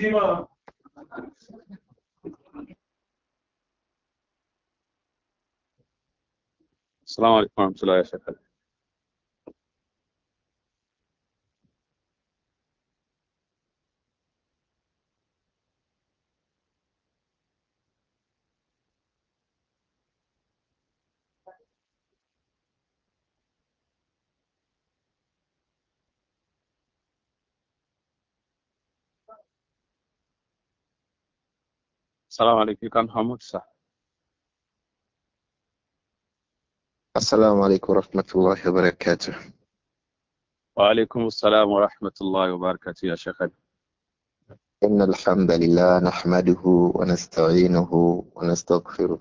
Dima? السلام عليكم ورحمة الله وبركاته السلام عليكم يو كان حمود صح السلام عليكم ورحمة الله وبركاته وعليكم السلام ورحمة الله وبركاته يا شيخ إن الحمد لله نحمده ونستعينه ونستغفره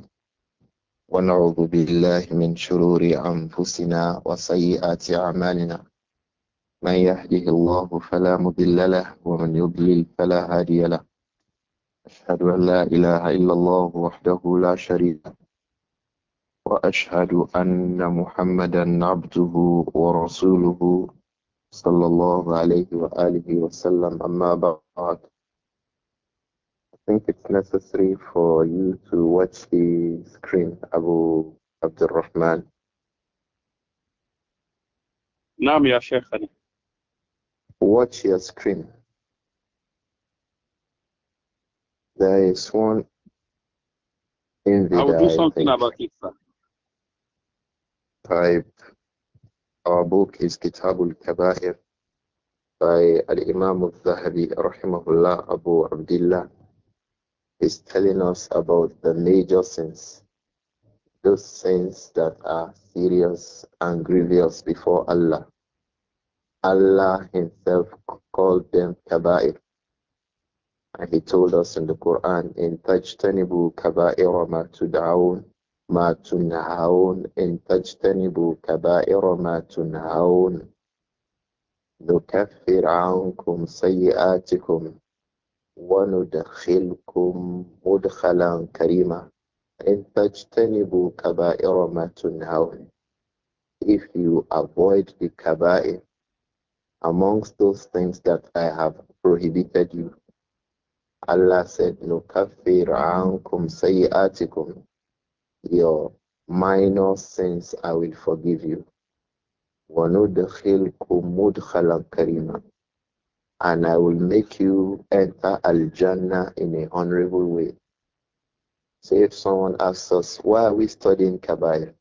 ونعوذ بالله من شرور أنفسنا وسيئات أعمالنا من يهده الله فلا مضل له ومن يضلل فلا هادي له أشهد أن لا إله إلا الله وحده لا شريك له وأشهد أن محمدا عبده ورسوله صلى الله عليه وآله وسلم أما بعد I think it's necessary for you to watch the screen Abu Abdul Rahman نعم يا شيخنا Watch your screen There is one I will do something about it, sir. Type. Our book is Kitabul Kabahir by Al Imam al Zahabi, Rahimahullah Abu Abdullah, is telling us about the major sins, those sins that are serious and grievous before Allah. Allah Himself called them Kaba'ir. And he told us in the Quran, in Tajtanibu Kaba'ira ma tud'aun ma tunhaun, in Tajtanibu Kaba'ira ma tunhaun, نكفر عنكم سيئاتكم وندخلكم مدخلا كريما إن تجتنبوا كبائر ما تنهون if you avoid the kaba'ir amongst those things that I have prohibited you Allah said, No kafir ankum sayyatikum. Your minor sins I will forgive you. karima, And I will make you enter Al Jannah in an honorable way. So if someone asks us, why are we studying Kabair?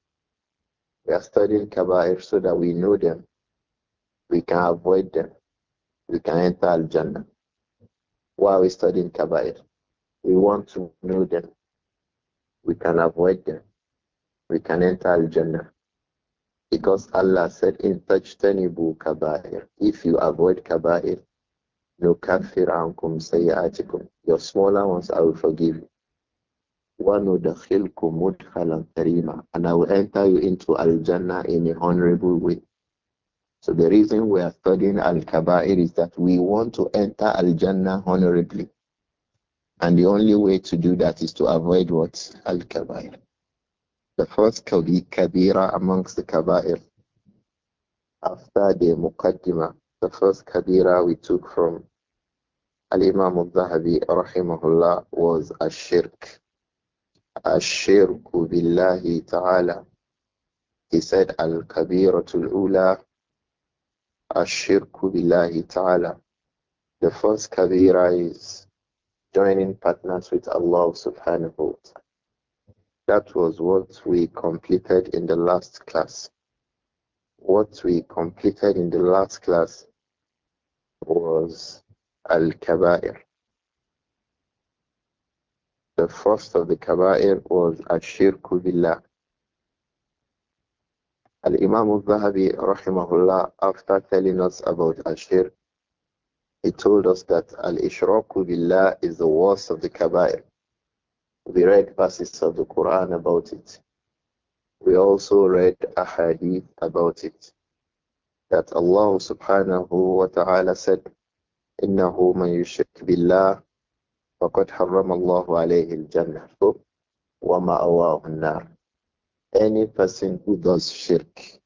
We are studying Kabair so that we know them, we can avoid them, we can enter Al Jannah while we study in Kabair. We want to know them. We can avoid them. We can enter Al Jannah. Because Allah said in Tajtanibu Kabair, if you avoid Kabair, no kafir ankum sayyatikum. Your smaller ones I will forgive you. وَنُدَخِلْكُمْ مُدْخَلًا كَرِيمًا And I will enter you into Al-Jannah in a honorable way. So the reason we are studying Al-Kaba'ir is that we want to enter Al-Jannah honorably. And the only way to do that is to avoid what? Al-Kaba'ir. The first Kabira amongst the Kaba'ir. After the Muqaddimah, the first Kabira we took from Al-Imam al-Zahabi rahimahullah was Ash-Shirk. Ash-Shirku billahi ta'ala. He said Al-Kabiratul Ula Ashirku billahi ta'ala. The first kabira is joining partners with Allah subhanahu wa ta'ala. That was what we completed in the last class. What we completed in the last class was Al Kaba'ir. The first of the Kaba'ir was Ashirku billah Al Imam al Zahabi, rahimahullah, after telling us about Ashir, he told us that Al Ishraku Billah is the worst of the Kaba'ir. We read verses of the Quran about it. We also read a hadith about it. That Allah subhanahu wa ta'ala said, إِنَّهُ مَن يُشْرِكْ بِاللَّهِ فَقَدْ حَرَّمَ اللَّهُ عَلَيْهِ الْجَنَّةَ وَمَأْوَاهُ النَّارُ any person who does shirk.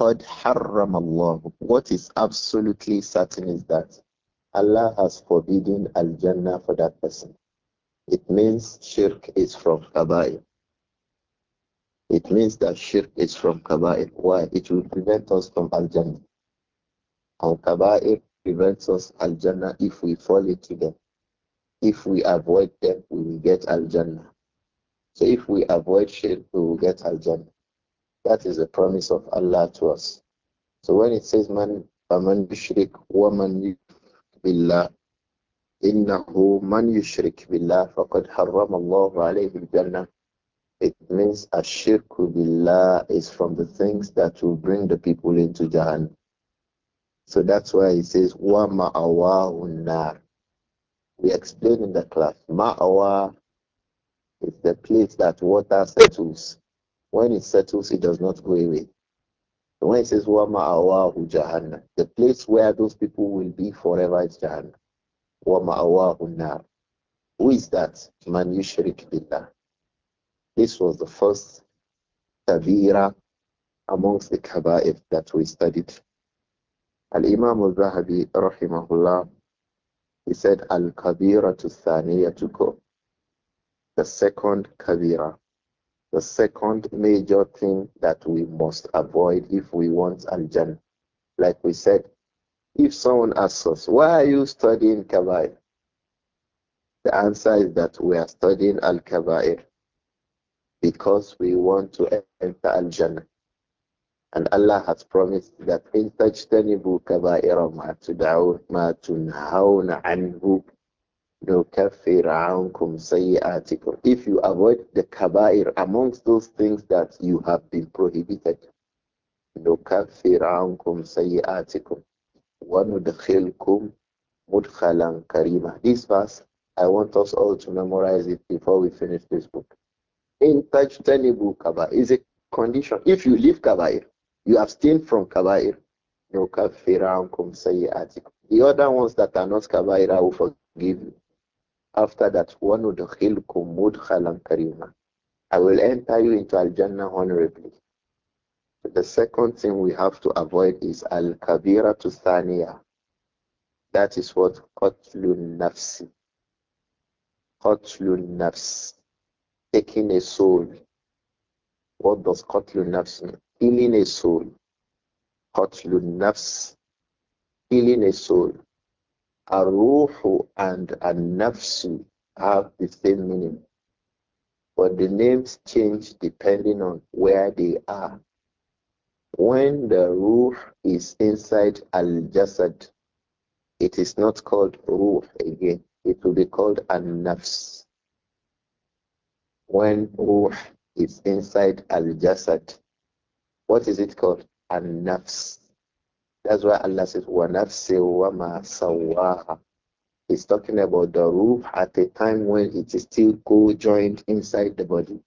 قَدْ haram Allah. What is absolutely certain is that Allah has forbidden Al-Jannah for that person. It means shirk is from Kaba'ir. It means that shirk is from Kaba'ir. Why? It will prevent us from Al-Jannah. And Kaba'ir prevents us Al-Jannah if we fall into them. If we avoid them, we will get Al-Jannah. So if we avoid shirk, we will get Al Jannah. That is the promise of Allah to us. So when it says, Man, man yushrik wa man billah, innahu man yushrik billah, faqad harram Allah alayhi Jannah. It means a shirk billah is from the things that will bring the people into Jahannam. So that's why it says wa ma'awa unnar. We explained in the class awa." It's the place that water settles. When it settles, it does not go away. when it says Wama Awahu Jahannam, the place where those people will be forever is Jahannam. Wama Awahu Nar. Who is that? Man Yushrik Billah. This was the first Kabira amongst the Kaba'if that we studied. Al-Imam al-Zahabi, rahimahullah, he said, Al-Kabira to Thaniya to go the second kabira, the second major thing that we must avoid if we want al jannah. Like we said, if someone asks us, why are you studying kabair? The answer is that we are studying al kabair because we want to enter al jannah. And Allah has promised that in tajtanibu kabaira ma tud'aw ma tunhauna anhu if you avoid the kaba'ir amongst those things that you have been prohibited, this verse, I want us all to memorize it before we finish this book. In touch tajtanibu kaba'ir is a condition. If you leave kaba'ir, you abstain from kaba'ir, the other ones that are not kaba'ir, I will forgive you. After that, one would وَنُدْخِلْكُمْ مُدْخَلًا I will enter you into Al-Jannah honorably. The second thing we have to avoid is Al-Kabira to Thaniya. That is what Qatlun Nafsi. Qatlun Nafs. Taking a soul. What does Qatlun Nafs mean? Killing a soul. Qatlun Nafs. Killing a soul. Aruhu and anafsu have the same meaning, but the names change depending on where they are. When the Ruh is inside Al-Jasad, it is not called Ruh again. It will be called an When Ruh is inside Al-Jasad, what is it called? an that's why Allah says, wa ma سَوَّاهَا He's talking about the ruh at a time when it is still co-joined inside the body.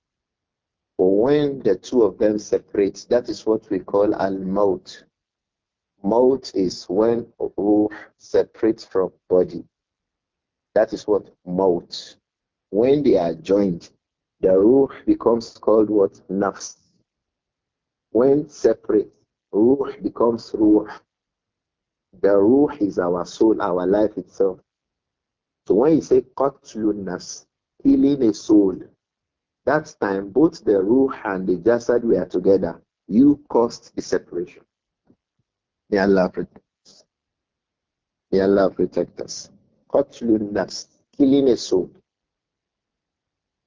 But when the two of them separate, that is what we call al-maut. Maut is when ruh separates from body. That is what maut. When they are joined, the ruh becomes called what? Nafs. When separate, ruh becomes ruh. The ruh is our soul, our life itself. So when you say qatlun healing a soul, that time both the ruh and the jasad were together. You caused the separation. May Allah protect us. May Allah protect us. Qatlun nafs, killing a soul.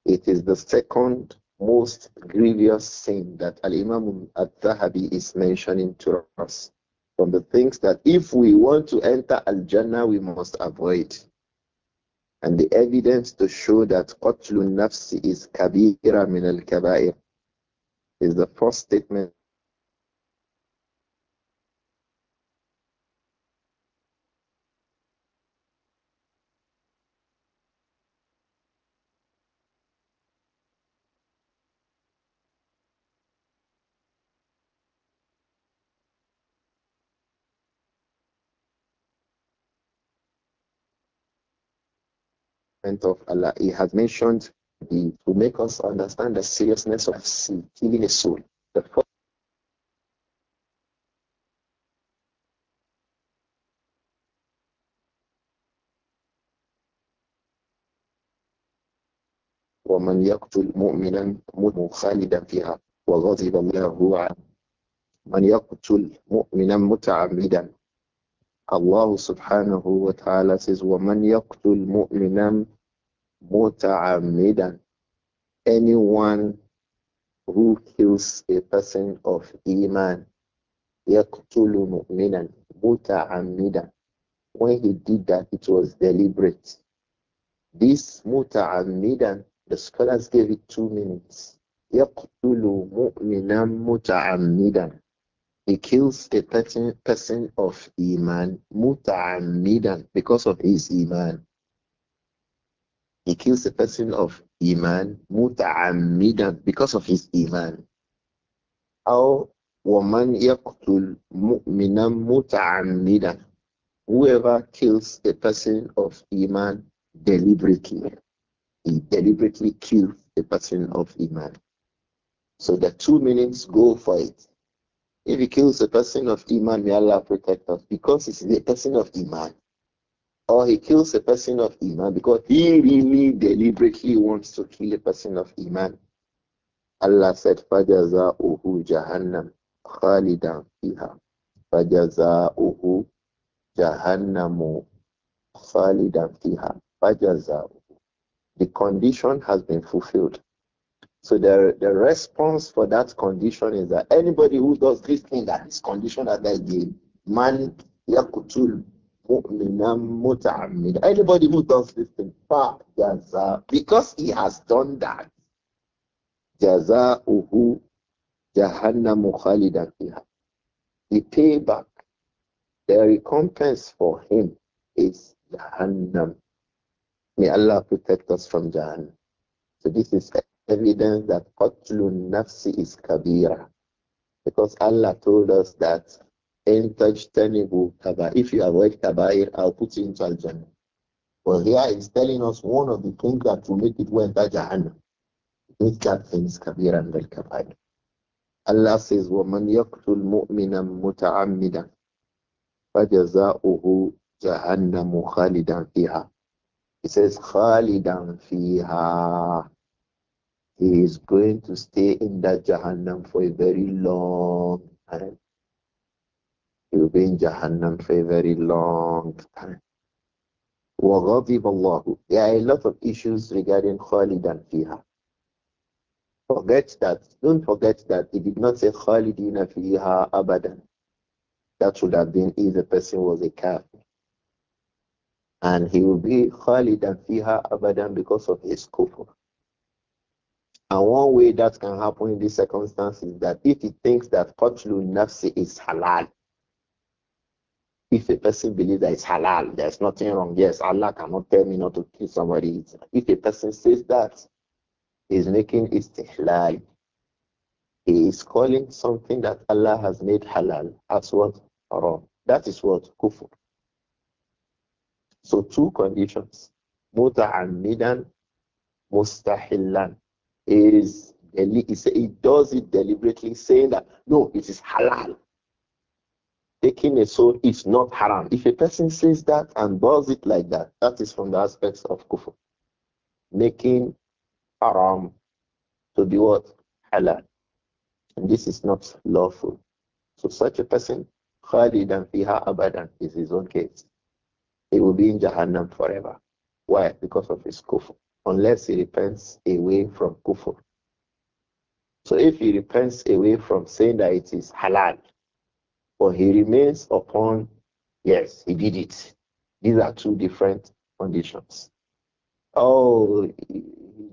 It is the second most grievous sin that Al Imam Al Zahabi is mentioning to us from the things that if we want to enter Al Jannah, we must avoid. And the evidence to show that Qatlun Nafsi is Kabira min al Kabair is the first statement of Allah, He has mentioned the, to make us understand the seriousness of sin, killing a soul. The first ومن يقتل مؤمنا خالدا فيها وغضب الله من يقتل مؤمنا متعمدا Allah subhanahu wa says, وَمَنْ يَقْتُلْ مُؤْمِنًا amidan. anyone who kills a person of iman yaqtulu mu'minan amidan. when he did that it was deliberate this amidan. the scholars gave it two minutes yaqtulu mu'minan muta'ammidan he kills a person of iman amidan because of his iman he kills a person of Iman muta'ammidan because of his Iman. Our woman yaqtul mu'minan muta'ammidan. Whoever kills a person of Iman deliberately, he deliberately kills a person of Iman. So the two meanings go for it. If he kills a person of Iman, may Allah protect us because he's a person of Iman or he kills a person of Iman because he really deliberately wants to kill a person of Iman. Allah said, فَجَزَاؤُهُ جَهَنَّمْ خَالِدًا فِيهَا فَجَزَاؤُهُ جَهَنَّمُ خَالِدًا فِيهَا فَجَزَاؤُهُ The condition has been fulfilled. So the, the response for that condition is that anybody who does this thing that this condition that I gave, man yakutul Anybody who does this thing, because he has done that, جزاؤه جهنم خالدا فيها. The payback, the recompense for him is Jahannam. May Allah protect us from Jahannam. So this is evidence that qatlun nafsi is kabira. Because Allah told us that tajtanibu kabair. If you avoid kabair, I'll put you into Al-Jannah. Well, here it's telling us one of the things that will make it went to Jahannam. That things kabir and al-kabair. Allah says, وَمَنْ يَقْتُلْ مُؤْمِنًا مُتَعَمِّدًا فَجَزَاؤُهُ جَهَنَّمُ خَالِدًا فِيهَا He says, خَالِدًا فِيهَا He is going to stay in that Jahannam for a very long time you will be in Jahannam for a very long time. وَغَضِبَ اللَّهُ There are a lot of issues regarding Khalidan fiha. Forget that. Don't forget that he did not say Khalidina fiha abadan. That would have been if the person was a kafir. And he will be Khalidan fiha abadan because of his kufr. And one way that can happen in this circumstance is that if he thinks that Qatlu Nafsi is halal, if a person believes that it's halal, there's nothing wrong. Yes, Allah cannot tell me not to kill somebody. If a person says that, he's making istihlal. He is calling something that Allah has made halal as what? Haram. That is what? Kufr. So two conditions. Muta'ammidan, mustahillan. Is, is, it does it deliberately saying that, no, it is halal taking a soul is not haram. If a person says that and does it like that, that is from the aspects of kufr. Making haram to be what? Halal. And this is not lawful. So such a person, khalidan fiha abadan, is his own case. He will be in Jahannam forever. Why? Because of his kufr. Unless he repents away from kufr. So if he repents away from saying that it is halal, but he remains upon, yes, he did it. These are two different conditions. Oh, he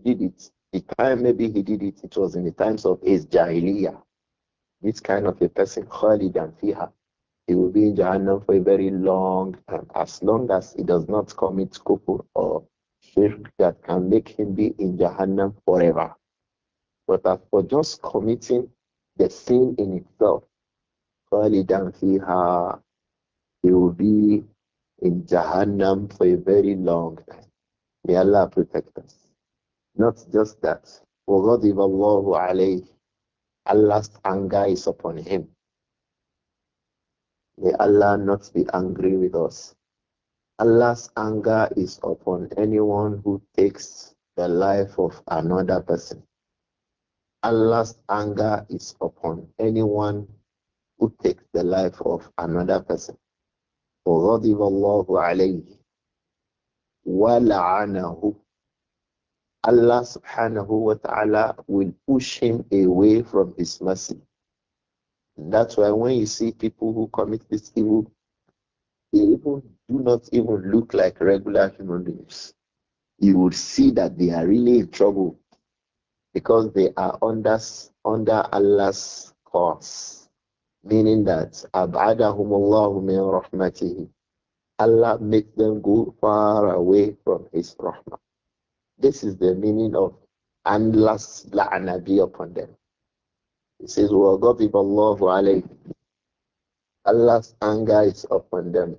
did it. The time maybe he did it, it was in the times of his This kind of a person, Khalid and Fiha, he will be in Jahannam for a very long time. As long as he does not commit kufur or shirk that can make him be in Jahannam forever. But as for just committing the sin in itself, khalidan fiha. He will be in Jahannam for a very long time. May Allah protect us. Not just that. Allah's anger is upon him. May Allah not be angry with us. Allah's anger is upon anyone who takes the life of another person. Allah's anger is upon anyone who takes the life of another person. وغضب الله عليه ولعنه Allah subhanahu wa ta'ala will push him away from his mercy. That's why when you see people who commit this evil, they even do not even look like regular human beings. You will see that they are really in trouble because they are under, under Allah's curse meaning that Allah min rahmatihi. Allah makes them go far away from His rahmah. This is the meaning of Allah's la'na be upon them. He says, وَغَضِبَ اللَّهُ Allah, Allah's anger is upon them.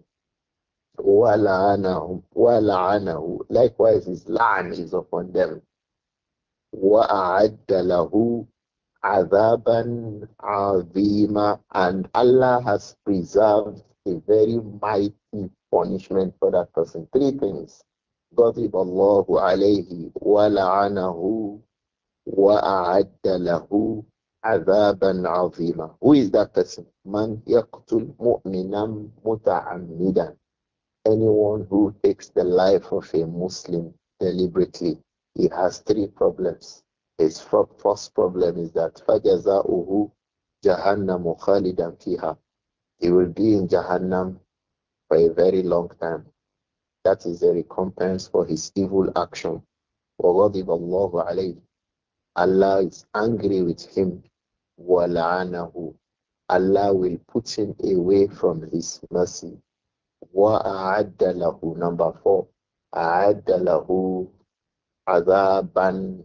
وَلَعَنَهُ ana. Likewise, His la'an is upon them. وَأَعَدَّ لَهُ Adaban Avima, and Allah has preserved a very mighty punishment for that person. Three things. غضب الله عليه ولعنه وأعد له عذابا عظيما. Who is that person? من يقتل مؤمنا متعمدا. Anyone who takes the life of a Muslim deliberately, he has three problems. His first problem is that Jahannam جَهَنَّمُ dan فِيهَا He will be in Jahannam for a very long time. That is a recompense for his evil action. وَغَضِبَ اللَّهُ عَلَيْهِ Allah is angry with him. وَلَعَنَهُ Allah will put him away from his mercy. وَأَعَدَّ لَهُ Number four. أَعَدَّ لَهُ عَذَابًا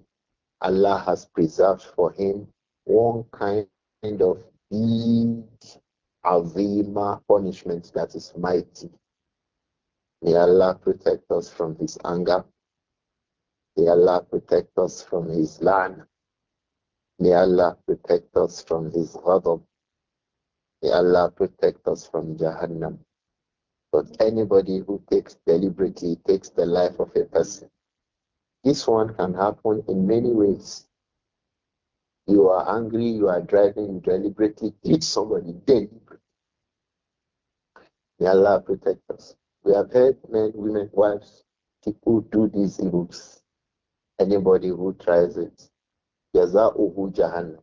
Allah has preserved for him one kind of big avima punishment that is mighty. May Allah protect us from his anger. May Allah protect us from his land. May Allah protect us from his ghadab. May Allah protect us from Jahannam. But anybody who takes deliberately takes the life of a person, this one can happen in many ways. You are angry, you are driving, you deliberately hit somebody, deliberately. May Allah protect us. We have heard men, women, wives, people do these evils. Anybody who tries it, Yaza'uhu Jahannam.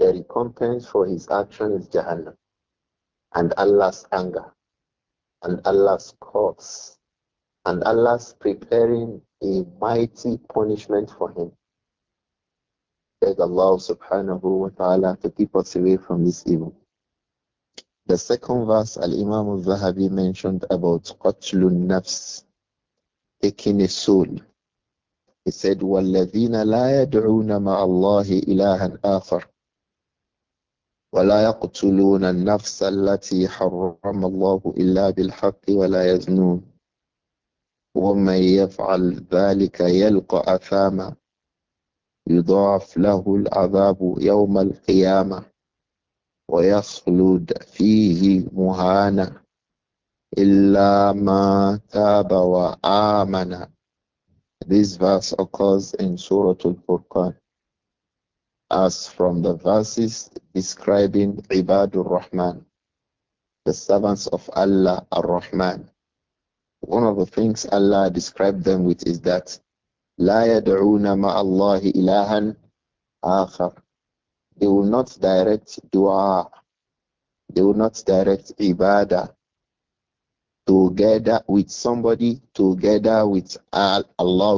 The recompense for his action is Jahannam and Allah's anger and Allah's curse and Allah's preparing a mighty punishment for him. Beg Allah subhanahu wa ta'ala to keep us away from this evil. The second verse Al Imam al Zahabi mentioned about Qatlun Nafs, taking a soul. He said, وَالَّذِينَ لَا يَدْعُونَ مَعَ اللَّهِ إِلَهًا آخَرَ ولا يقتلون النفس التي حرم الله إلا بالحق ولا يزنون ومن يفعل ذلك يلقى أثاما يضاعف له العذاب يوم القيامة ويخلد فيه مهانا إلا ما تاب وآمن This verse occurs in Surah Al-Furqan as from the verses describing Ibadur Rahman, the servants of Allah Ar-Rahman. One of the things Allah described them with is that لا يدعون مع الله إلها آخر They will not direct dua. They will not direct ibadah together with somebody, together with Allah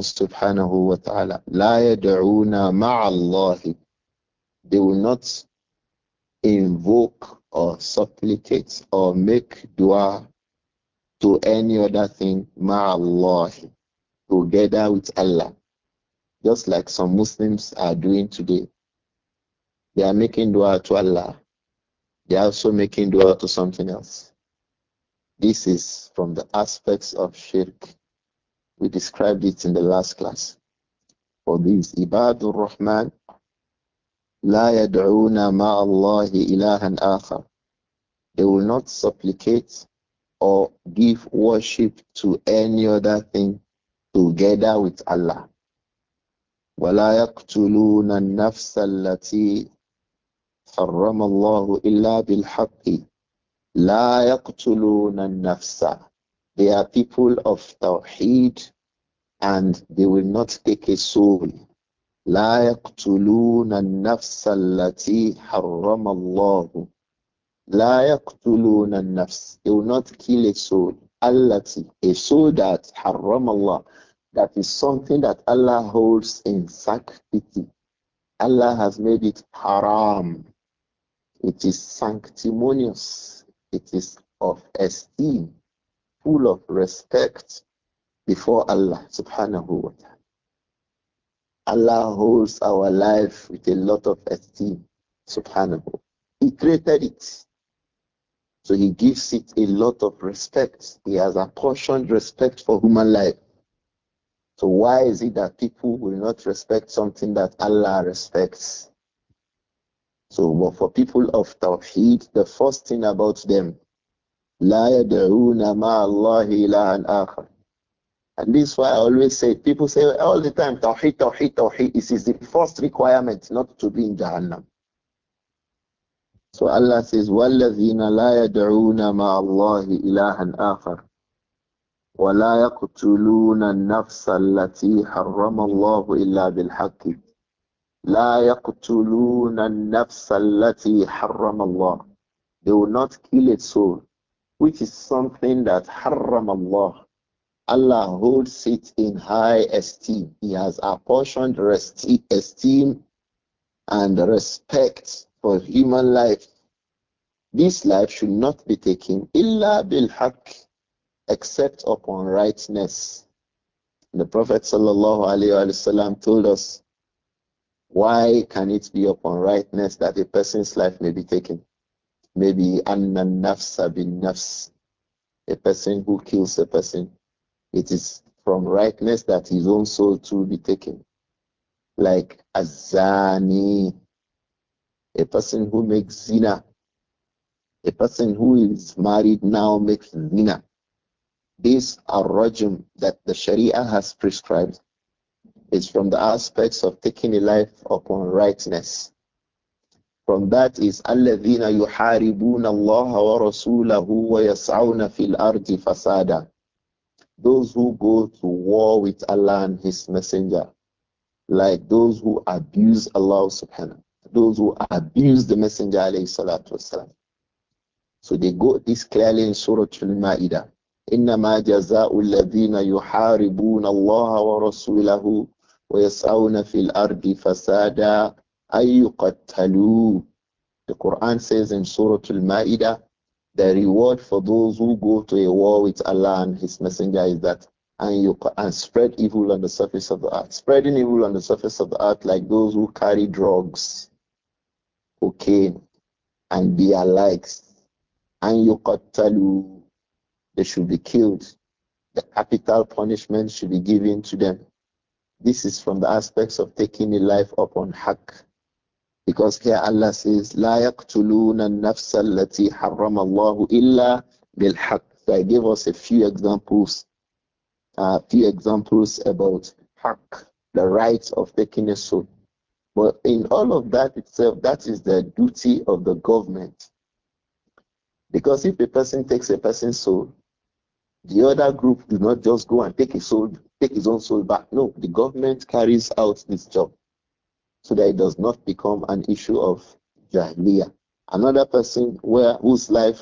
subhanahu wa ta'ala. La yad'una ma'allahi. They will not invoke or supplicate or make dua to any other thing, ma'allah, together with Allah. Just like some Muslims are doing today. They are making dua to Allah. They are also making dua to something else. This is from the aspects of shirk. We described it in the last class. For these, Ibadur Rahman, لا يدعون مع الله إلها آخر. They will not supplicate or give worship to any other thing together with Allah. ولا يقتلون النفس التي حرم الله إلا بالحق لا يقتلون النفس They are people of Tawheed and they will not take a soul لا يقتلون النفس التي حرم الله La yaqtuluna nafs. They will not kill a soul. Allati, a soul that haram Allah. That is something that Allah holds in sanctity. Allah has made it haram. It is sanctimonious. It is of esteem, full of respect before Allah subhanahu wa ta'ala. Allah holds our life with a lot of esteem subhanahu. He created it. So he gives it a lot of respect. He has apportioned respect for human life. So why is it that people will not respect something that Allah respects? So but for people of Tawheed, the first thing about them, لا يدعون مع And this is why I always say, people say all the time, Tawheed, Tawheed, Tawheed. This is the first requirement not to be in Jahannam. So Allah says, وَالَّذِينَ لَا يَدْعُونَ مَعَ اللَّهِ إِلَهًا آخَرَ وَلَا يَقْتُلُونَ النَّفْسَ الَّتِي حَرَّمَ اللَّهُ إِلَّا بِالْحَقِّ لَا يَقْتُلُونَ النَّفْسَ الَّتِي حَرَّمَ اللَّهُ They will not kill a soul, which is something that حَرَّمَ اللَّهُ Allah holds it in high esteem. He has apportioned esteem and respect for human life. This life should not be taken illa bil haqq, except upon rightness. The Prophet وسلم, told us, why can it be upon rightness that a person's life may be taken? Maybe anna nafsa bin nafs, a person who kills a person. It is from rightness that his own soul too be taken. Like azani, a person who makes zina, a person who is married now makes zina. These are rajm that the Sharia has prescribed is from the aspects of taking a life upon rightness. From that is الذين يحاربون الله ورسوله ويسعون في الأرض فسادا. Those who go to war with Allah and His Messenger, like those who abuse Allah subhanahu those who abuse the Messenger والسلام. So they go this clearly in Surah Al-Ma'idah. إنما جزاء الذين يحاربون الله ورسوله ويسعون في الأرض فسادا أن يقتلوا The Quran says in Surah Al-Ma'idah the reward for those who go to a war with Allah and His Messenger is that and you and spread evil on the surface of the earth. Spreading evil on the surface of the earth like those who carry drugs cocaine, and their likes. And you you they should be killed. The capital punishment should be given to them. This is from the aspects of taking a life upon hak, Because here Allah says, لا يقتلون النفس التي حرم الله إلا بالحق. So I gave us a few examples, a uh, few examples about haq, the right of taking a soul. But in all of that itself, that is the duty of the government. Because if a person takes a person's soul, the other group do not just go and take his soul, take his own soul back. No, the government carries out this job so that it does not become an issue of jahiliya. Another person where whose life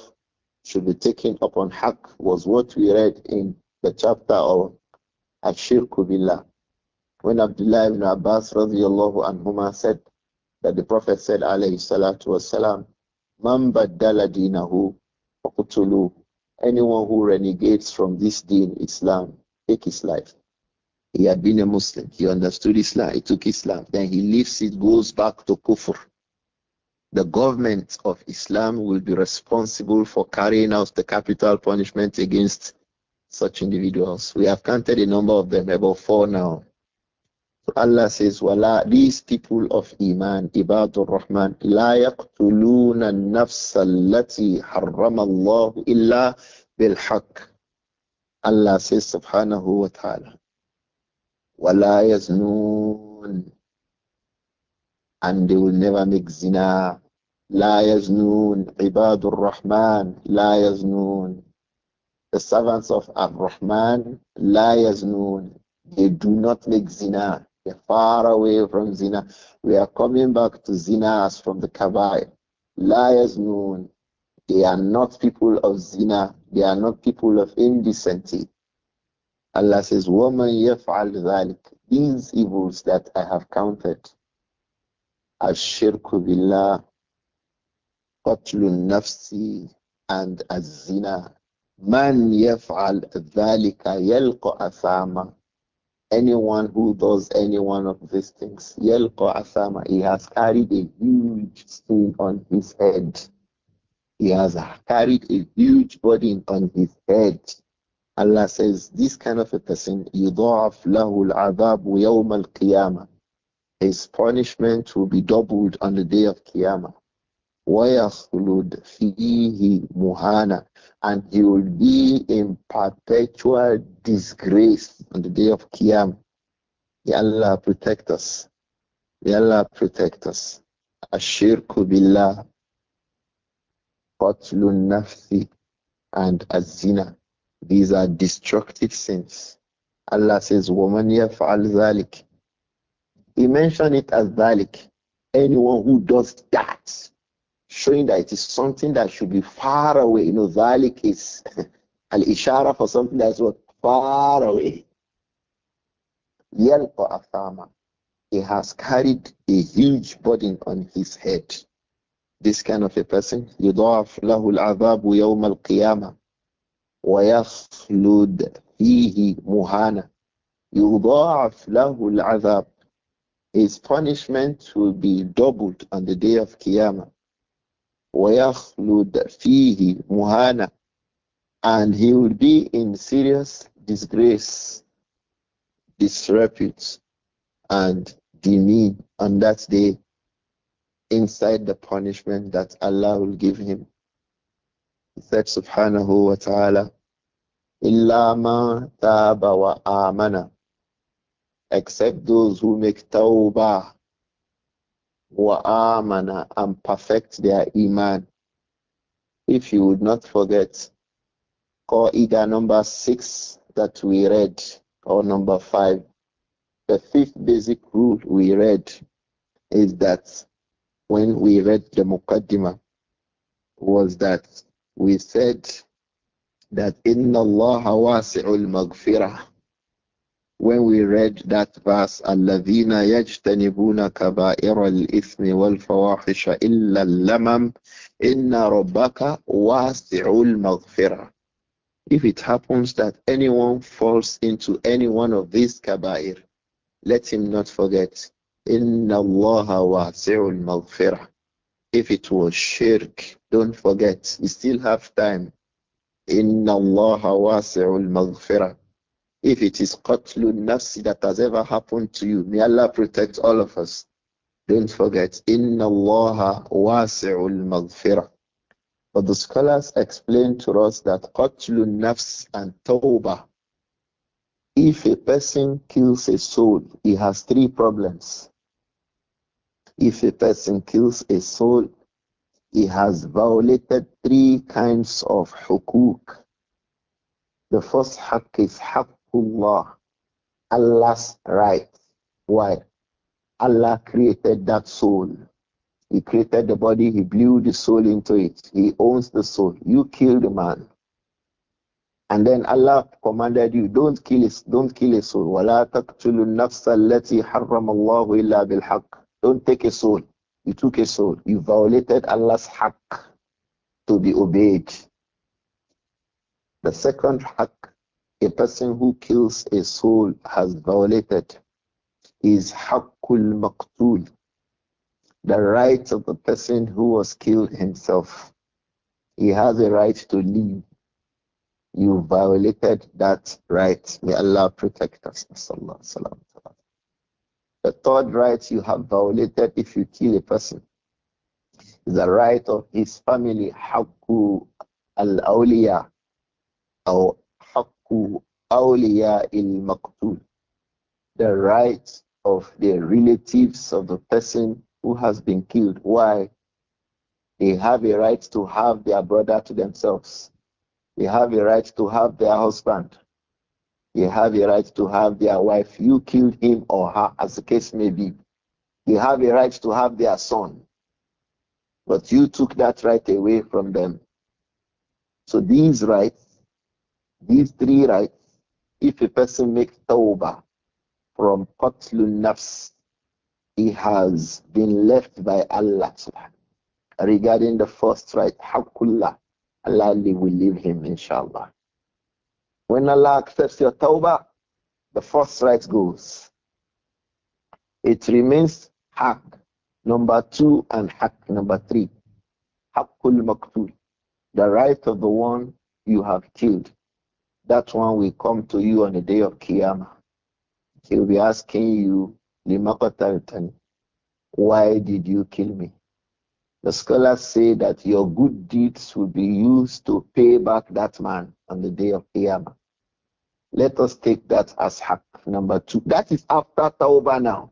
should be taken upon hak, was what we read in the chapter of Ashir Kubila when Abdullah ibn Abbas radiallahu anhuma said that the Prophet said alayhi salatu wasalam, Man baddala dinahu Anyone who renegates from this deen, Islam, take his life. He had been a Muslim. He understood Islam. He took Islam. Then he leaves it, goes back to kufr. The government of Islam will be responsible for carrying out the capital punishment against such individuals. We have counted a number of them, about four now. Allah says, Wala, these people of Iman, Ibadur Rahman, La yaqtuluna nafs allati harramallahu illa bilhaq. Allah says, Subhanahu wa ta'ala, Wala yaznun. And they will never make zina. La yaznun. Ibadur Rahman, La yaznun. The servants of Ar-Rahman, La yaznun. They do not make zina far away from zina. We are coming back to zina as from the kabair. Liars known. They are not people of zina. They are not people of indecency. Allah says, Woman yaf'al dhalik. These evils that I have counted. Ashirku billah, qatlun nafsi, and az-zina. Man yaf'al dhalika yalqa asama." anyone who does any one of these things, Yelko Asama, he has carried a huge sin on his head. He has carried a huge burden on his head. Allah says, this kind of a person, يضاعف له العذاب يوم القيامة. His punishment will be doubled on the day of Qiyamah. وَيَخْلُدْ فِيهِ muhanna, And he will be in perpetual disgrace on the day of Qiyam. May Allah protect us. May Allah protect us. Ashirku billah. Qatlun nafsi and azina. These are destructive sins. Allah says, Woman yaf'al zalik. He mentioned it as zalik. Anyone who does that showing that it is something that should be far away. You know, dhalik is al ishara for something that's what far away. al Athama. He has carried a huge burden on his head. This kind of a person, يضاعف له العذاب يوم القيامة ويخلد فيه مهانا. يضاعف له العذاب. His punishment will be doubled on the day of Qiyamah. وَيَخْلُدْ فِيهِ muhana, And he will be in serious disgrace, disrepute, and demean on that day inside the punishment that Allah will give him. He said, Subhanahu wa ta'ala, ma مَا wa amana, Except those who make tawbah are amana and perfect their iman. If you would not forget, Qaida number six that we read, or number five, the fifth basic rule we read is that when we read the Muqaddimah, was that we said that Inna Allah wasi'ul maghfirah when we read that verse, Alladina yajtanibuna kaba iral ithmi wal fawahisha illa lamam inna robaka wasi'ul malfira." If it happens that anyone falls into any one of these kaba'ir, let him not forget, inna allaha wasi'ul malfira." If it was shirk, don't forget, you still have time. Inna allaha wasi'ul malfira." If it is qatlun nafsi that has ever happened to you, may Allah protect all of us. Don't forget, inna Allah wasi'ul maghfirah. But the scholars explain to us that qatlun nafs and tawbah. If a person kills a soul, he has three problems. If a person kills a soul, he has violated three kinds of hukuk. The first haq is haq Allah Allah's right. Why? Allah created that soul. He created the body, he blew the soul into it. He owns the soul. You kill the man. And then Allah commanded you, don't kill his, don't kill his soul. ولا تقتل تَقْتُلُوا النَّفْسَ الَّتِي حَرَّمَ اللَّهُ إِلَّا بِالْحَقِّ Don't take a soul. You took a soul. You violated Allah's haqq to be obeyed. The second haqq a person who kills a soul has violated is Hakul Maqtul, the rights of the person who was killed himself. He has a right to live. You violated that right. May Allah protect us. The third right you have violated if you kill a person is the right of his family, Hakku al-Awliya, or حقوق أولياء the rights of the relatives of the person who has been killed. Why? They have a right to have their brother to themselves. They have a right to have their husband. They have a right to have their wife. You killed him or her, as the case may be. They have a right to have their son. But you took that right away from them. So these rights these three rights, if a person makes tawbah from qatlun nafs, he has been left by Allah regarding the first right, Hakullah, Allah will leave him, inshallah. When Allah accepts your tawbah, the first right goes. It remains hak number two and hak number three. Hakul maqtul, the right of the one you have killed. That one will come to you on the day of Qiyamah. He will be asking you, why did you kill me? The scholars say that your good deeds will be used to pay back that man on the day of Qiyamah. Let us take that as half number two. That is after Tawbah now.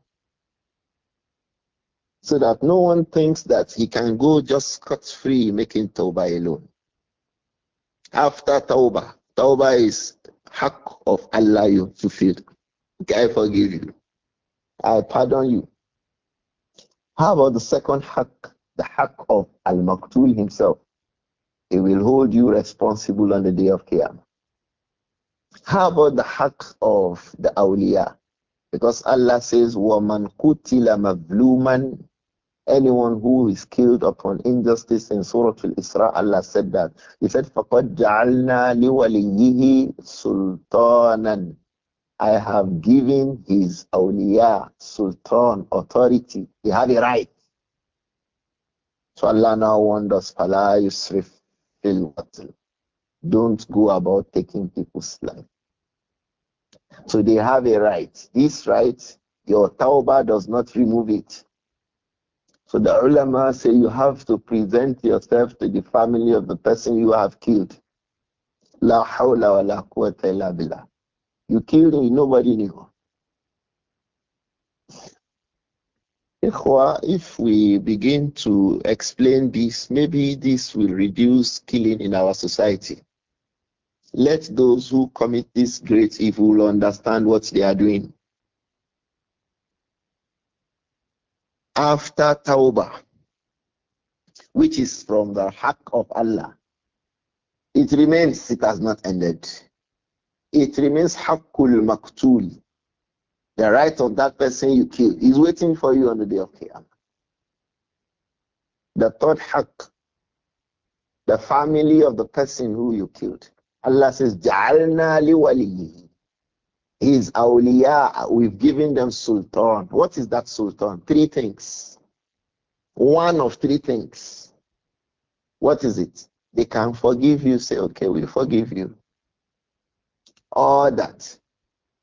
So that no one thinks that he can go just scot free making Tawbah alone. After Tawbah, Tawbah is hack of Allah you fulfilled. Okay, I forgive you. I pardon you. How about the second hack, the hack of Al Maktul himself? He will hold you responsible on the day of Qiyamah. How about the hack of the awliya? Because Allah says, وَمَنْ قُتِلَ مَظْلُومًا anyone who is killed upon injustice in Surah Al-Isra, Allah said that. He said, فَقَدْ جَعَلْنَا لِوَلِيِّهِ سُلْطَانًا I have given his awliya, sultan, authority. He had a right. So Allah now warned us, فَلَا يُسْرِفْ فِي Don't go about taking people's life. So they have a right. This right, your tawbah does not remove it. So the ulama say you have to present yourself to the family of the person you have killed. La hawla wa la quwwata illa billah. You killed me, nobody knew. If we begin to explain this, maybe this will reduce killing in our society. Let those who commit this great evil understand what they are doing. after Tawbah, which is from the haq of Allah, it remains, it has not ended. It remains haqqul maqtul. The right of that person you killed is waiting for you on the day of Qiyamah. The third haqq, the family of the person who you killed. Allah says, Ja'alna li waliyihi his awliya, we've given them sultan. What is that sultan? Three things. One of three things. What is it? They can forgive you, say, okay, we forgive you. Or that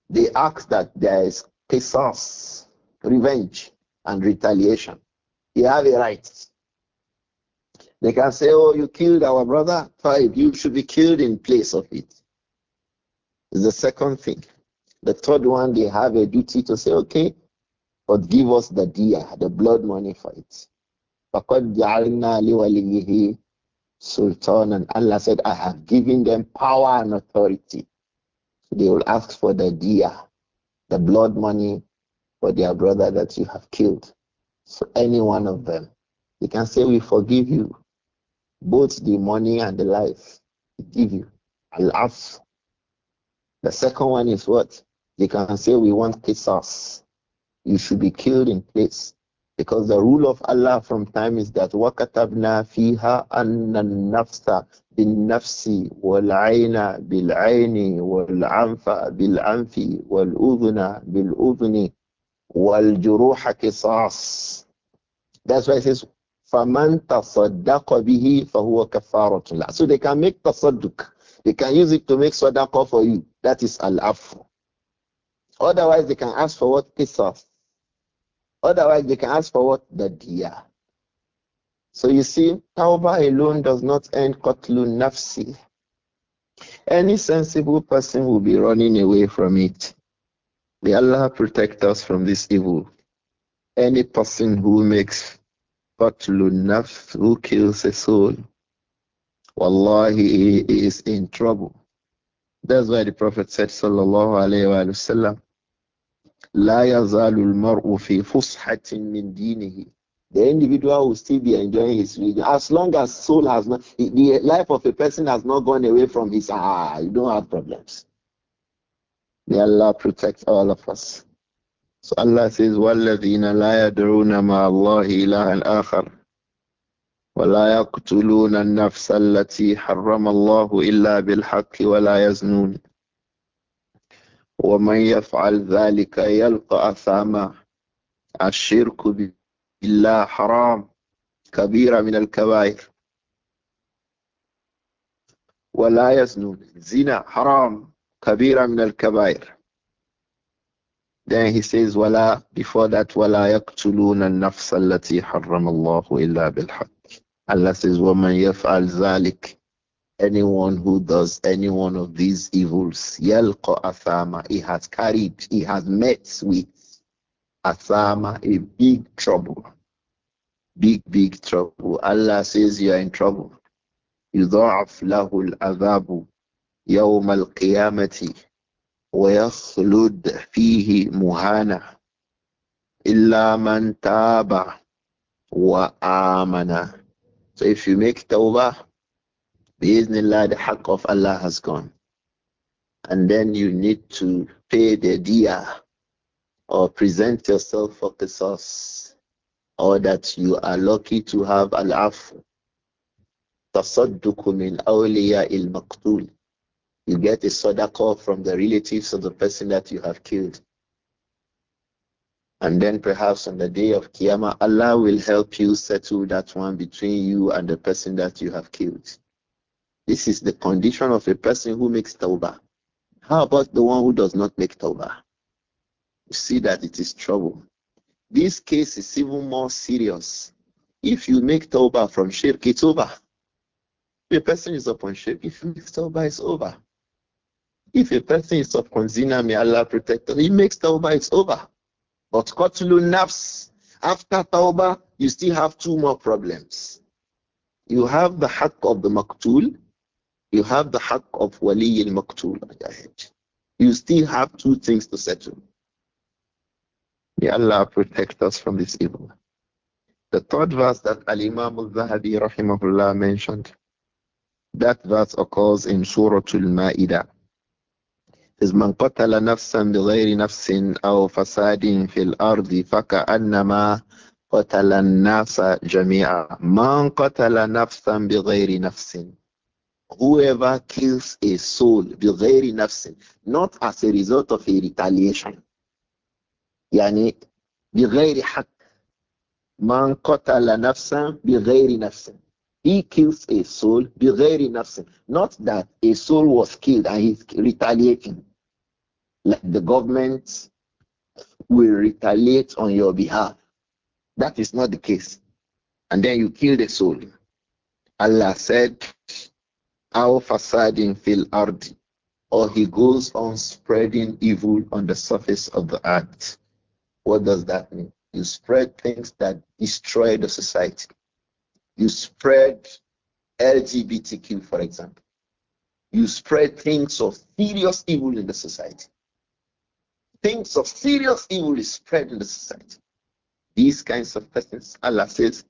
they ask that there is qisas, revenge, and retaliation. You have a right. They can say, oh, you killed our brother. Five, you should be killed in place of it. It's the second thing. The third one, they have a duty to say, okay, but give us the dia, the blood money for it. Sultan and Allah said, I have given them power and authority. So they will ask for the dia, the blood money for their brother that you have killed. So any one of them, they can say, We forgive you, both the money and the life. We give you. al The second one is what? They can say, We want kisas. You should be killed in place. Because the rule of Allah from time is that fiha وَكَتَبْنَا فِيهَا أَنَّ النَّفْسَ بِالنَّفْسِ وَالْعَيْنَ بِالْعَيْنِ وَالْعَنْفَ بِالْعَنْفِ وَالْأُذْنَ بِالْأُذْنِ wal قِصَاص That's why it says فَمَنْ تَصَدَّقَ بِهِ فَهُوَ كَفَّارَةٌ لَهُ So they can make tasadduk. They can use it to make sadaqah for you. That is Otherwise, they can ask for what Qisas. Otherwise, they can ask for what the dia. So you see, Tawbah alone does not end kotlu Nafsi. Any sensible person will be running away from it. May Allah protect us from this evil. Any person who makes kotlu Nafs, who kills a soul, Wallahi, he is in trouble. That's why the Prophet said, Sallallahu Alaihi Wasallam, لا يزال المرء في فصحة من دينه the individual will still be enjoying his religion as long as soul has not the life of a person has not gone away from his ah you don't have problems may allah protect all of us so allah says والذين لا يدعون مع الله إلها آخر ولا يقتلون النفس التي حرم الله إلا بالحق ولا يزنون ومن يفعل ذلك يلقى أثاما الشرك بالله حرام كبيرة من الكبائر ولا يزنون زنا حرام كبيرة من الكبائر Then he says, ولا before that, ولا يقتلون النفس التي حرم الله إلا بالحق. Allah says, ومن يفعل ذلك anyone who does any one of these evils, yalqa asama, he has carried, he has met with athama, a big trouble. Big, big trouble. Allah says you are in trouble. يضاعف له العذاب يوم القيامة ويخلد فيه مهانا إلا من تاب وآمن. So if you make tawbah, Bismillah, the haqq of Allah has gone. And then you need to pay the dia or present yourself for the source, or that you are lucky to have al afu. Tasadduku min awliya il maqtul. You get a sadaqah from the relatives of the person that you have killed. And then perhaps on the day of Qiyamah, Allah will help you settle that one between you and the person that you have killed. This is the condition of a person who makes tawbah. How about the one who does not make tawbah? You see that it is trouble. This case is even more serious. If you make tawbah from shirk, it's over. If a person is upon shirk, if you make tawbah, it's over. If a person is upon zina, may Allah protect him. He makes tawbah, it's over. But qatlu nafs, after tawbah, you still have two more problems. You have the haqq of the maqtul, you have the hak of wali al maktul at your head. You still have two things to settle. May Allah protect us from this evil. The third verse that Al Imam al Zahabi rahimahullah mentioned, that verse occurs in Surah Al Ma'idah. Is من قتل نفسا بغير نفس أو فساد في الأرض فكأنما قتل الناس جميعا من قتل نفسا بغير نفس Whoever kills a soul, very nafsin, Not as a result of a retaliation. يعني بغير حق من قتل bi بغير he kills a soul بغير nafsin, not that a soul was killed and he's retaliating like the government will retaliate on your behalf that is not the case and then you kill the soul Allah said our fasadin fil ardi. Or he goes on spreading evil on the surface of the earth. What does that mean? You spread things that destroy the society. You spread LGBTQ, for example. You spread things of serious evil in the society. Things of serious evil is spread in the society. These kinds of persons, Allah says,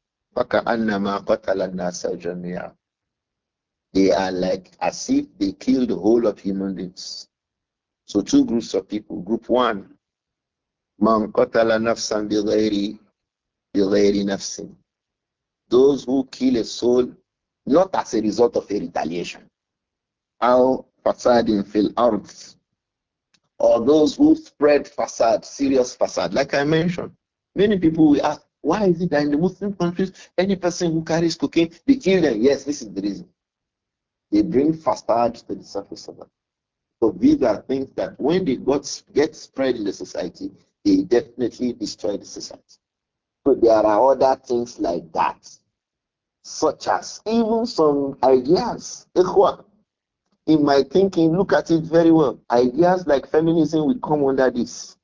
they are like as if they killed the whole of human beings. So two groups of people. Group one, man qatala nafsan bighayri nafsin. Those who kill a soul not as a result of a retaliation. Al fasadin fil ard. Or those who spread facade, serious facade. Like I mentioned, many people will ask, why is it that in the Muslim countries, any person who carries cocaine, they kill them? Yes, this is the reason. They bring facade to the surface of them. So these are things that when they got, get spread in the society, they definitely destroy the society. But there are other things like that, such as even some ideas. In my thinking, look at it very well. Ideas like feminism will come under this,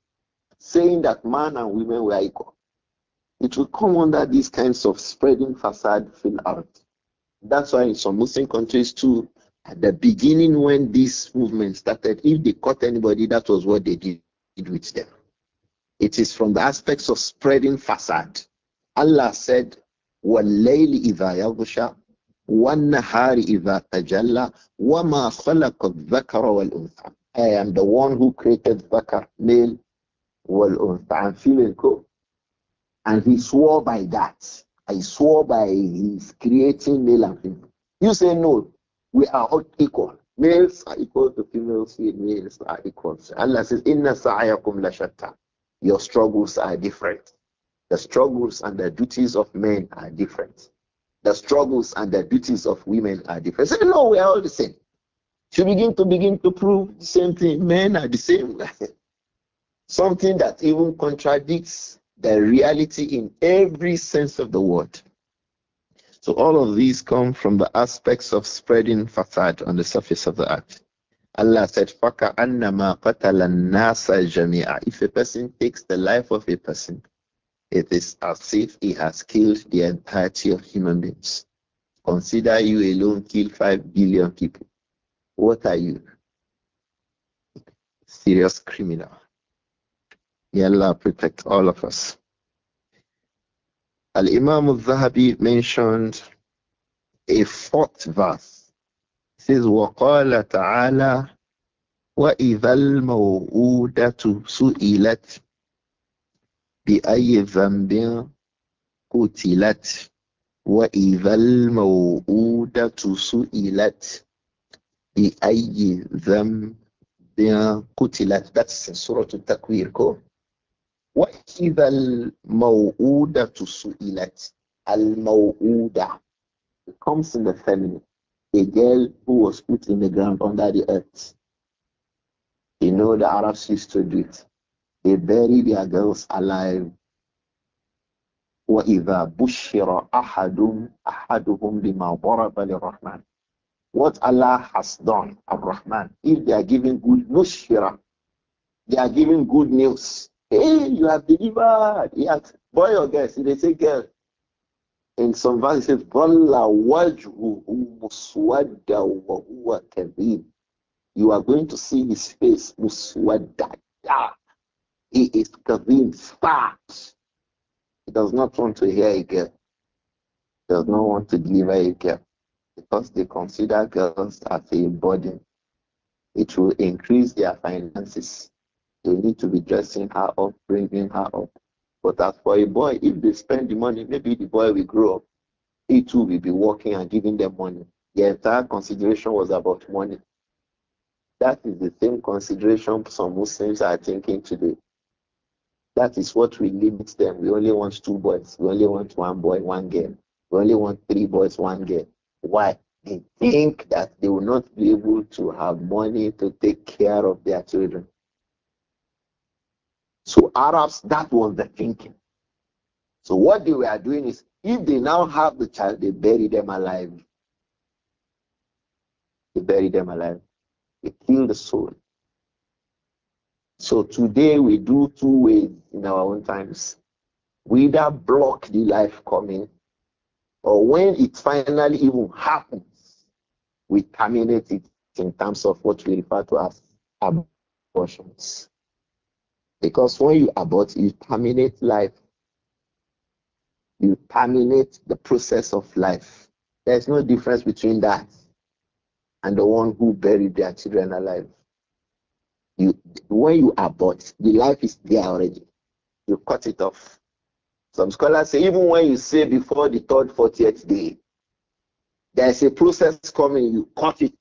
saying that man and women were equal. It will come under these kinds of spreading facade fill out. That's why in some Muslim countries too, at the beginning when this movement started, if they caught anybody, that was what they did with them. It is from the aspects of spreading facade. Allah said, وَاللَّيْلِ إِذَا يَغْشَى وَالنَّهَارِ إِذَا تَجَلَّى وَمَا خَلَقَ الذَّكَرَ وَالْأُنثَى I am the one who created Zakar, male, and i And he swore by that. I swore by his creating male and female. You say no, we are all equal. Males are equal to females, females are equal. Allah says, Inna sa'ayakum shatta." Your struggles are different. The struggles and the duties of men are different. The struggles and the duties of women are different. Say, no, we are all the same. She begin to begin to prove the same thing. Men are the same. Something that even contradicts the reality in every sense of the word. So all of these come from the aspects of spreading facade on the surface of the earth. Allah said, Faka annama nasa jamia. If a person takes the life of a person, it is as if he has killed the entirety of human beings. Consider you alone kill five billion people. What are you? Serious criminal. May Allah protect all of us. Al Imam al Zahabi mentioned a fourth verse. It says, وَقَالَ تَعَالَى وَإِذَا الْمَوْءُودَةُ سُئِلَتْ بأي ذنب قتلت وإذا الموءودة سئلت بأي ذنب قتلت That's Surah Al-Takwir وإذا الموؤودة سئلت الموؤودة it comes in the feminine a girl who was put in the ground under the earth you know the Arabs used to do it they bury their girls alive وإذا بشر أحد أحدهم بما ضرب للرحمن what Allah has done, ar If they are giving good news, they are giving good news. Hey, you have delivered. Yes, boy or girl. They say girl. In some verses, says, wa You are going to see his face, muswada. He is kabir, fat. He does not want to hear a girl. He does not want to deliver a girl because they consider girls as a burden. It will increase their finances they need to be dressing her up, bringing her up. But as for a boy, if they spend the money, maybe the boy will grow up. He too will be working and giving them money. The entire consideration was about money. That is the same consideration some Muslims are thinking today. That is what we limit them. We only want two boys. We only want one boy, one girl. We only want three boys, one girl. Why? They think that they will not be able to have money to take care of their children. So Arabs, that was the thinking. So what they were doing is, if they now have the child, they bury them alive. They bury them alive. They kill the soul. So today we do two ways in our own times. We either block the life coming, or when it finally even happens, we terminate it in terms of what we refer to as abortions. Because when you abort, you terminate life. You terminate the process of life. There's no difference between that and the one who buried their children alive. You, when you abort, the life is there already. You cut it off. Some scholars say even when you say before the third, fortieth day, there's a process coming. You cut it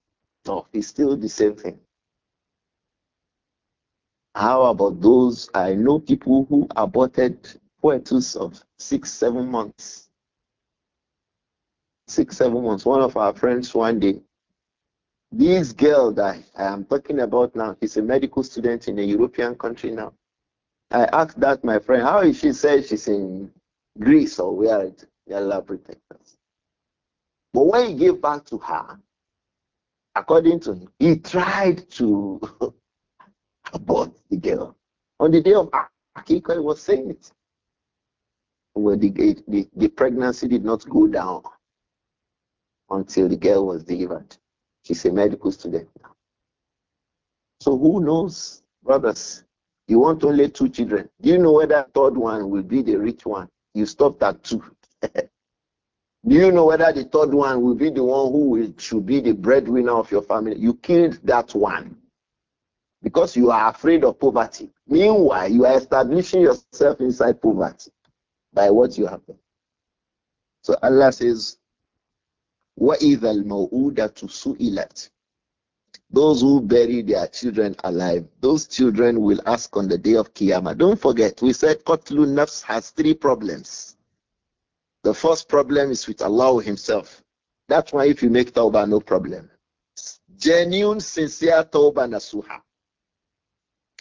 off. It's still the same thing. How about those? I know people who aborted coitus of six, seven months. Six, seven months. One of our friends one day, this girl that I am talking about now, she's a medical student in a European country now. I asked that my friend, how is she? Said she's in Greece or where Allah protect us. But when he gave back to her, according to him, he tried to about ah, the girl. On the day of Akiko, he was saying it. Well, the, the, the pregnancy did not go down until the girl was delivered. She's a medical student now. So who knows, brothers? You want only two children. Do you know whether third one will be the rich one? You stopped at two. Do you know whether the third one will be the one who will, should be the breadwinner of your family? You killed that one because you are afraid of poverty. Meanwhile, you are establishing yourself inside poverty by what you have done. So Allah says, وَإِذَا الْمَوْءُودَةُ سُئِلَتْ Those who bury their children alive, those children will ask on the day of Qiyamah. Don't forget, we said Qatlu Nafs has three problems. The first problem is with Allah Himself. That's why if you make tawbah, no problem. Genuine, sincere tawbah nasuha.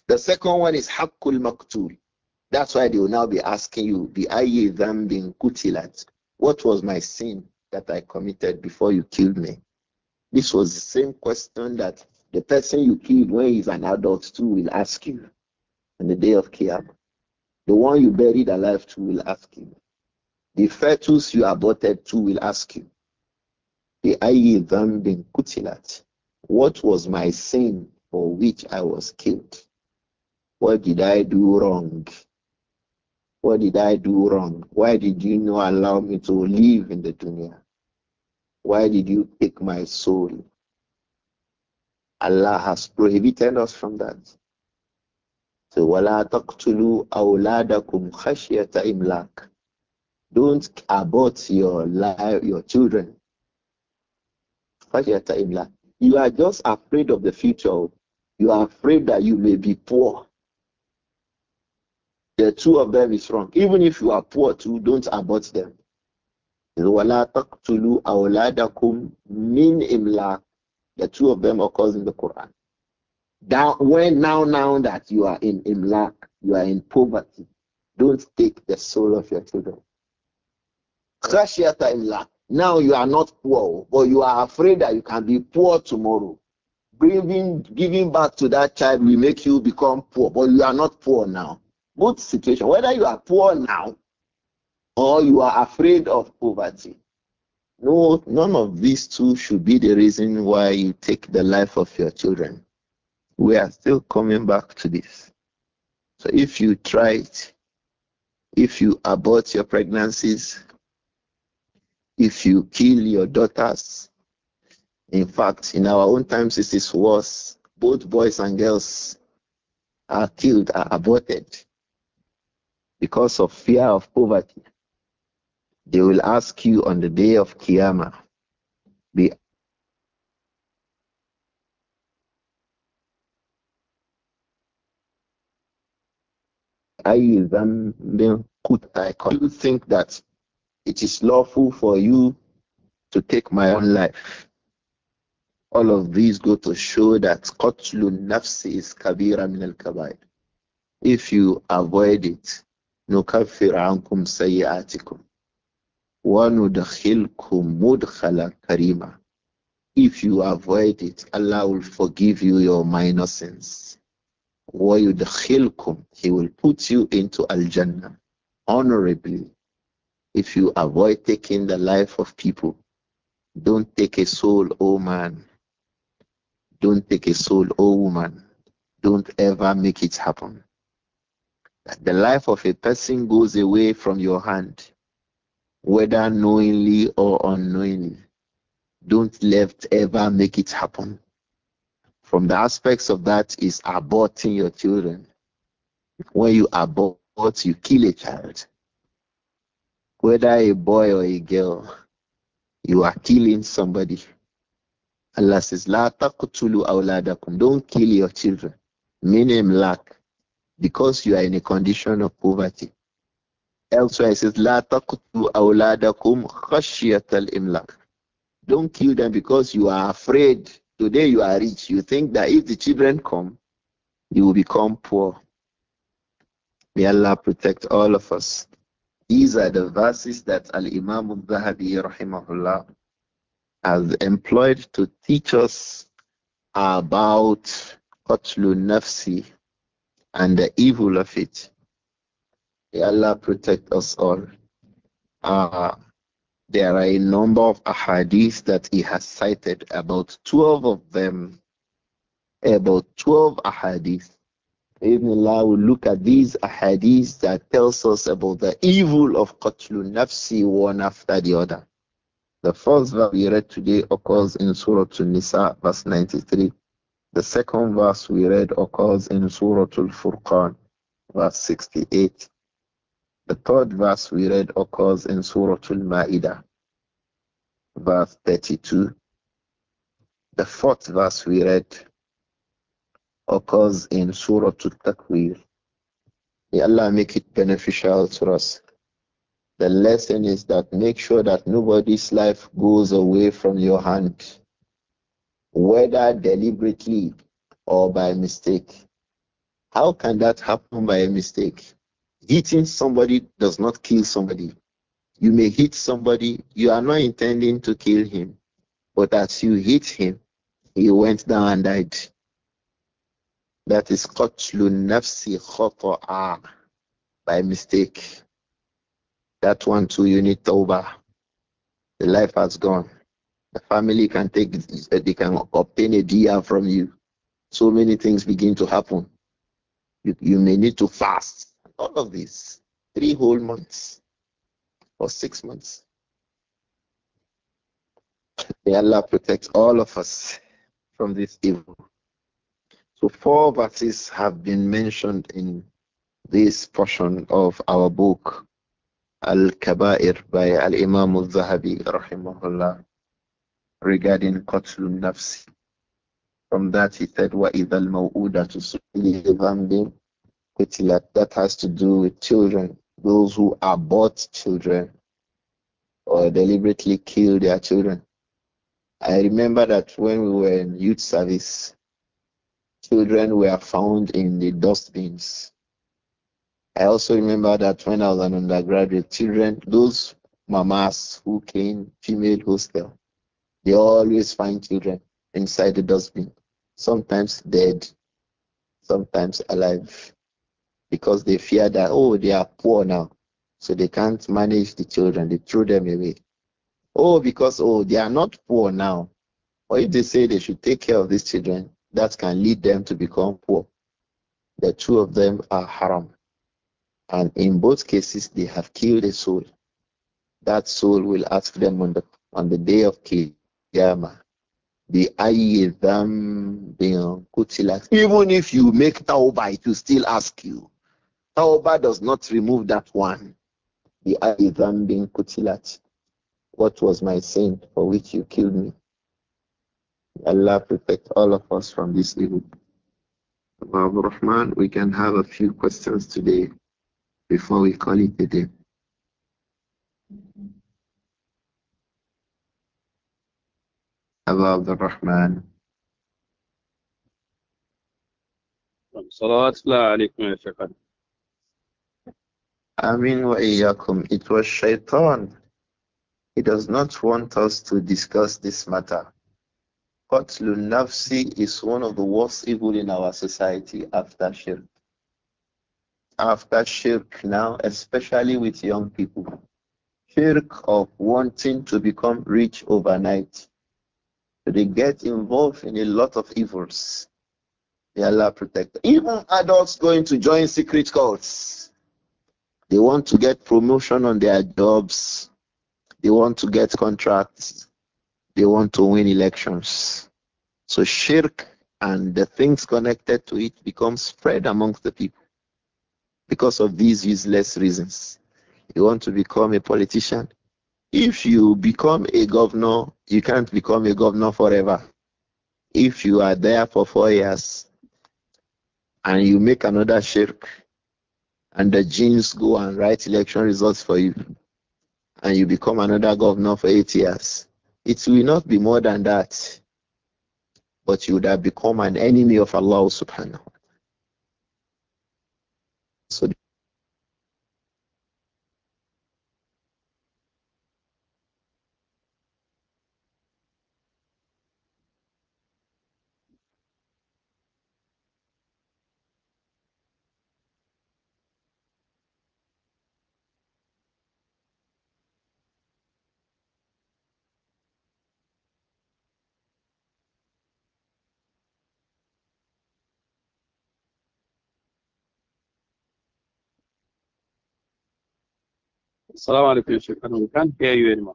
The second one is Hakul Maktul. That's why they will now be asking you, the ayi bin kutilat. What was my sin that I committed before you killed me? This was the same question that the person you killed when he's an adult too will ask you on the day of Qiyamah. The one you buried alive too will ask you. The fetus you aborted too will ask you. The ayi bin kutilat. What was my sin for which I was killed? What did I do wrong? What did I do wrong? Why did you not allow me to live in the dunya? Why did you take my soul? Allah has prohibited us from that. So, وَلَا تَقْتُلُوا أَوْلَادَكُمْ خَشْيَةَ إِمْلَاكٍ Don't abort your life, your children. خَشْيَةَ إِمْلَاكٍ You are just afraid of the future. You are afraid that you may be poor. The two of them is wrong. Even if you are poor too, don't abort them. The two of them occurs in the Quran. That when now now that you are in imlak, you are in poverty, don't take the soul of your children. Now you are not poor, but you are afraid that you can be poor tomorrow. Giving, giving back to that child will make you become poor, but you are not poor now both situation, whether you are poor now or you are afraid of poverty, no, none of these two should be the reason why you take the life of your children. We are still coming back to this. So if you try it, if you abort your pregnancies, if you kill your daughters, in fact, in our own times it is worse. Both boys and girls are killed, are aborted because of fear of poverty. They will ask you on the day of Qiyamah, be you think that it is lawful for you to take my own life. All of these go to show that Qatlun Nafsi is Kabira min al Kabair. If you avoid it, نكفر عنكم سيئاتكم وندخلكم مدخلا كريما If you avoid it, Allah will forgive you your minor sins. ويدخلكم He will put you into Al-Jannah honorably. If you avoid taking the life of people, don't take a soul, O oh man. Don't take a soul, O oh woman. Don't ever make it happen the life of a person goes away from your hand, whether knowingly or unknowingly. Don't let ever make it happen. From the aspects of that is aborting your children. When you abort, you kill a child. Whether a boy or a girl, you are killing somebody. Allah says, La Don't kill your children. Meaning lack because you are in a condition of poverty. Elsewhere it says, La taqtu awladakum al imlak. Don't kill them because you are afraid. Today you are rich. You think that if the children come, you will become poor. May Allah protect all of us. These are the verses that Al Imam al-Zahabi rahimahullah has employed to teach us about qatlun nafsi and the evil of it. May Allah protect us all. Uh, there are a number of ahadith that he has cited, about 12 of them, about 12 ahadith. Ibn Allah will look at these ahadith that tells us about the evil of qatlun nafsi one after the other. The first verse we read today occurs in Surah An-Nisa, verse 93. The second verse we read occurs in Surah Al-Furqan, verse 68. The third verse we read occurs in Surah Al-Ma'idah, verse 32. The fourth verse we read occurs in Surah Al-Takwir. May Allah make it beneficial to us. The lesson is that make sure that nobody's life goes away from your hand whether deliberately or by mistake. How can that happen by a mistake? Hitting somebody does not kill somebody. You may hit somebody, you are not intending to kill him, but as you hit him, he went down and died. That is called nafsi khata'a by mistake. That one too, you need The life has gone. The family can take, uh, they can obtain a dia from you. So many things begin to happen. You, you may need to fast. All of this, three whole months or six months. May Allah protect all of us from this evil. So, four verses have been mentioned in this portion of our book, Al Kaba'ir by Al Imam al Zahabi, rahimahullah regarding Qatlun nafsi. From that he said, Wa idal maw'udatu that has to do with children, those who abort children or deliberately kill their children. I remember that when we were in youth service, children were found in the dustbins. I also remember that when I was an undergraduate, children, those mamas who came, female hostel, they always find children inside the dustbin, sometimes dead, sometimes alive, because they fear that, oh, they are poor now, so they can't manage the children. They throw them away. Oh, because, oh, they are not poor now. Or if they say they should take care of these children, that can lead them to become poor. The two of them are haram. And in both cases, they have killed a soul. That soul will ask them on the, on the day of kill Qiyamah. Um, Even if you make tawbah, it will still ask you. Tawbah does not remove that one. The Aizam bin Kutilat. What was my sin for which you killed me? Allah protect all of us from this evil. Abu Rahman, we can have a few questions today before we call it a day. Abu Abdul Rahman. صلوات الله عليكم يا شيخ wa It was shaitan. He does not want us to discuss this matter. But nafsi is one of the worst evil in our society after shirk. After shirk now, especially with young people. Shirk of wanting to become rich overnight. They get involved in a lot of evils. They Allah protect Even adults going to join secret cults. They want to get promotion on their jobs. They want to get contracts. They want to win elections. So shirk and the things connected to it become spread amongst the people because of these useless reasons. You want to become a politician, if you become a governor, you can't become a governor forever. If you are there for four years and you make another shirk, and the jinns go and write election results for you, and you become another governor for eight years, it will not be more than that. But you would have become an enemy of Allah subhanahu wa ta'ala. So السلام عليكم يا شيخ انا كان في اي ما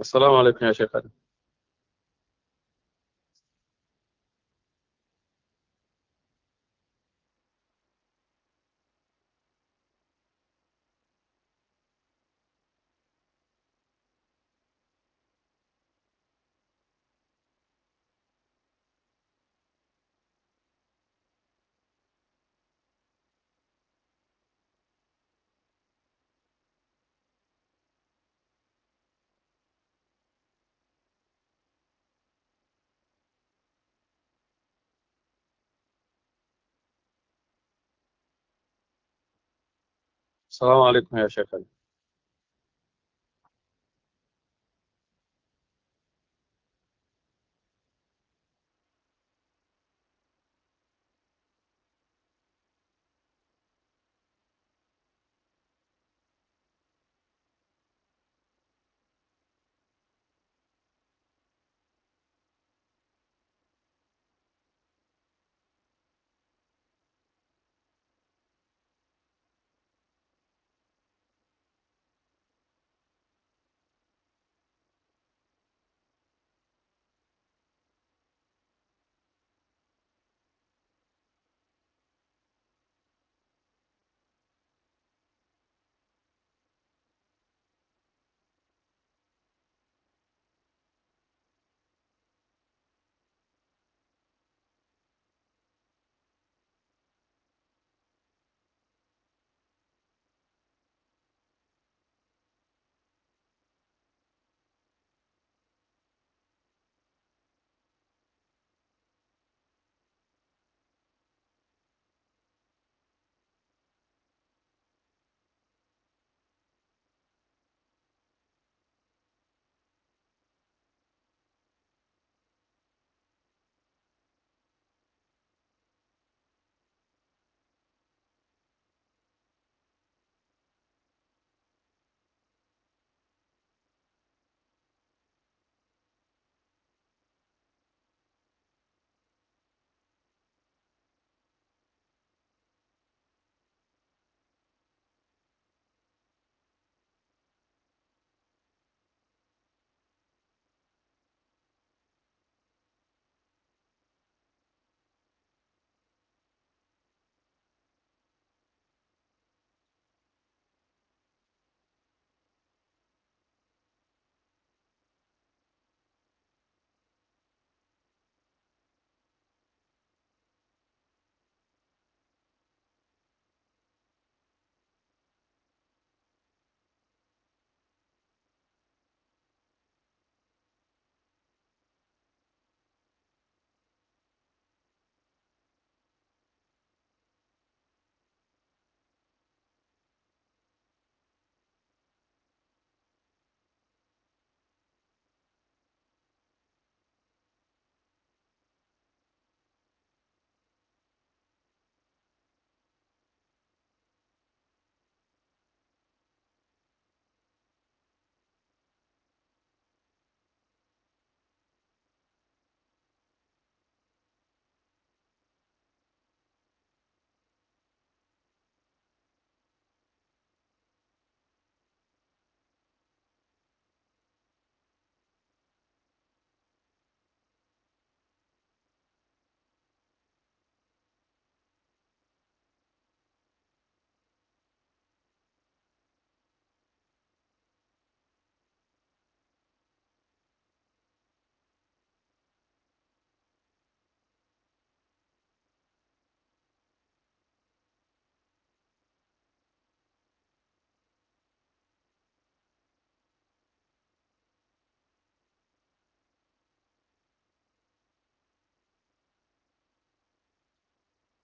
السلام عليكم يا شيخ السلام عليكم يا شيخنا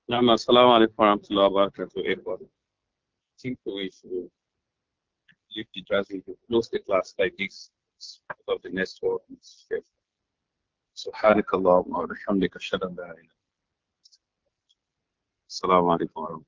Naam, assalamu alaikum wa rahmatullahi wa barakatuh. I think we should leave the dressing to close the class like this of the next one. سبحانك اللهم وبحمدك اشهد ان